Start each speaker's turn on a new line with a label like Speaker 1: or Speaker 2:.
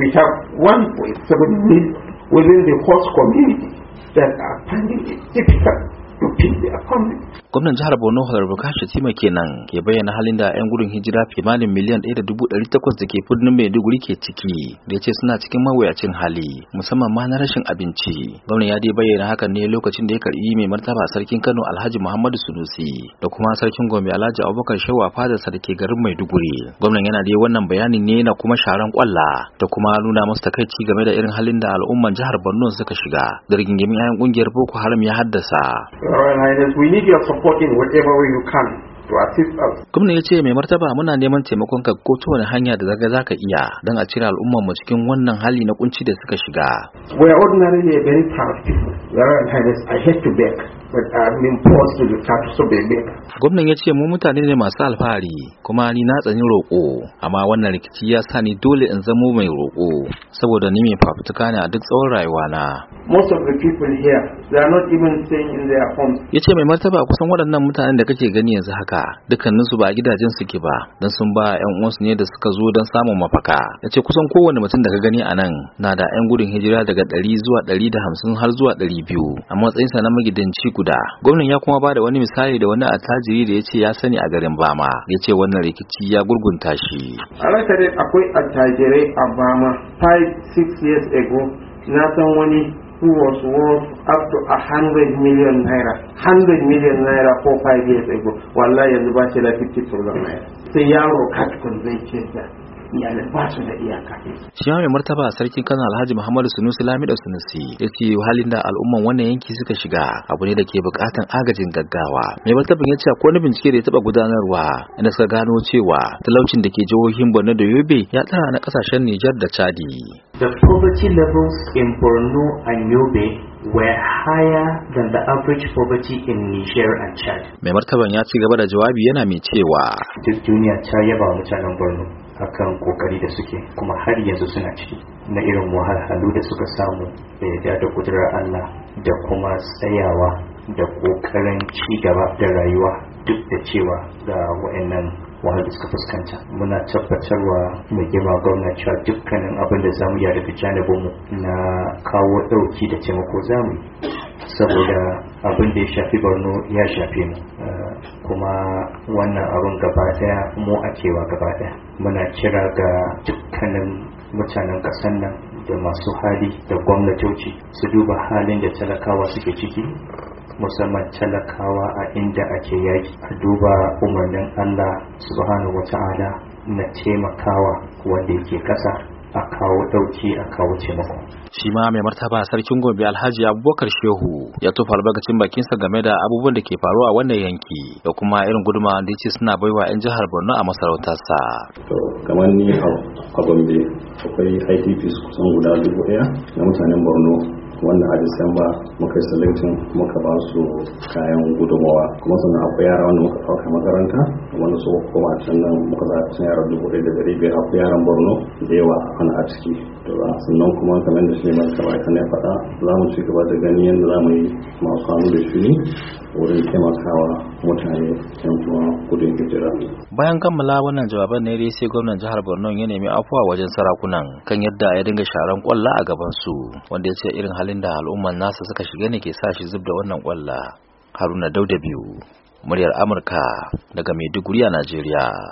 Speaker 1: we have 1.7 million within the host community that are finding it difficult
Speaker 2: Gwamnan jihar Borno Honorable Bukashi Tima kenan ke bayyana halin da 'yan gudun hijira kimanin miliyan 1.800 da ke birnin Maiduguri ke ciki da ya ce suna cikin mawuyacin hali musamman ma na rashin abinci. Gwamnan ya dai bayyana hakan ne lokacin da ya karbi mai martaba sarkin Kano Alhaji Muhammadu Sunusi da kuma sarkin Gombe Alhaji Abubakar Shewa fadarsa da ke garin Maiduguri. Gwamnan yana dai wannan bayanin ne na kuma sharan kwalla da kuma nuna masu takaici game da irin halin da al'umman jihar Borno suka shiga da rigingimin 'yan kungiyar Boko Haram ya haddasa. Royal ya ce mai martaba muna neman taimakon ka ko hanya da zaga zaka iya don a cire al'ummar mu cikin wannan hali na kunci da suka shiga. Gwamnan ya ce mu mutane ne masu alfahari kuma ni na tsani roƙo amma wannan rikici ya sa ni dole in zamo mai roƙo saboda ni mai fafutuka ne a duk tsawon rayuwa na
Speaker 1: most of the people here they are not even staying in their homes
Speaker 2: yace mai martaba kusan waɗannan mutanen da kake gani yanzu haka dukkanin su ba gidajen suke ba dan sun ba ƴan uwansu ne da suka zo dan samun mafaka yace kusan kowane mutum da ka gani a nan na da ƴan gudun hijira daga ɗari zuwa hamsin har zuwa biyu. a matsayinsa na magidanci guda gwamnan ya kuma ba da wani misali da wani attajiri da yace ya sani a garin Bama yace wannan rikici ya gurgunta shi
Speaker 1: a akwai attajirai a Bama 5 6 years ago na san wani who was worth up to a hundred million naira, hundred million naira four, five years ago, wallahi yanzu ba shi 50,000 naira. Sai yaro kat kun zai ce da iyalai
Speaker 2: mai martaba sarkin kano alhaji muhammadu sunusi lamido sunusi ya ce halin da al'umman wannan yanki suka shiga abu ne da ke bukatan agajin gaggawa mai martaba ya ce akwai wani bincike da ya taba gudanarwa inda suka gano cewa talaucin da ke jihohin borno da yobe ya tsara na kasashen nijar da chadi
Speaker 1: the poverty levels in borno and yobe were higher than the average poverty in Niger and Chad.
Speaker 2: Mai martaban ya ci gaba da jawabi yana mai cewa. Duk duniya ta yaba wa mutanen Borno. akan kokari da suke kuma har yanzu suna
Speaker 1: ciki na irin wahalhalu da suka samu da yarda da kudurar Allah da kuma tsayawa da kokarin ci gaba da rayuwa duk da cewa ga wa'annan da suka fuskanta muna tabbatarwa mai girma gwamna cewa dukkanin abin da zamu yi da janibinmu na kawo ɗauki da taimako zamu saboda abin da ya shafi borno ya shafe mu eh, kuma wannan abin gaba daya mu a cewa gaba daya muna kira ga dukkanin mutanen ƙasar nan da masu hali da gwamnatoci su duba halin da talakawa suke ciki musamman talakawa a inda ake yaki a duba umarnin allah subhanahu wa ta'ala na taimakawa wanda yake ƙasa a kawo
Speaker 2: dauki a kawo masa. shi ma mai martaba sarkin gobe alhaji abubakar shehu ya tofa albarkacin bakinsa game da abubuwan da ke faruwa a wannan yanki da kuma irin guduma da ce suna baiwa yan jihar borno a masarautarsa to kamar ni a gombe akwai idps kusan guda dubu daya
Speaker 1: na mutanen borno wannan a disamba muka yi selecting muka ba su kayan gudunmawa kuma sannan akwai yara wanda muka ɗauka makaranta wanda su koma can nan muka za a yara dubu ɗaya da ɗari biyar akwai yaran borno da yawa ana a ciki to ba sannan kuma kamar da shi ne mai kamar ya faɗa za mu ci gaba da ganin yadda za mu yi masu hannu da shi wurin taimakawa mutane yan kuma kudin hijira.
Speaker 2: Bayan kammala wannan jawaban ne sai gwamnan jihar Borno ya nemi afuwa wajen sarakunan kan yadda ya dinga sharan kwalla a gaban su wanda ya ce irin halin da al'umman nasa suka shiga ne ke sa shi zub da wannan kwalla. Haruna Dauda biyu muryar Amurka daga Maiduguri a Najeriya.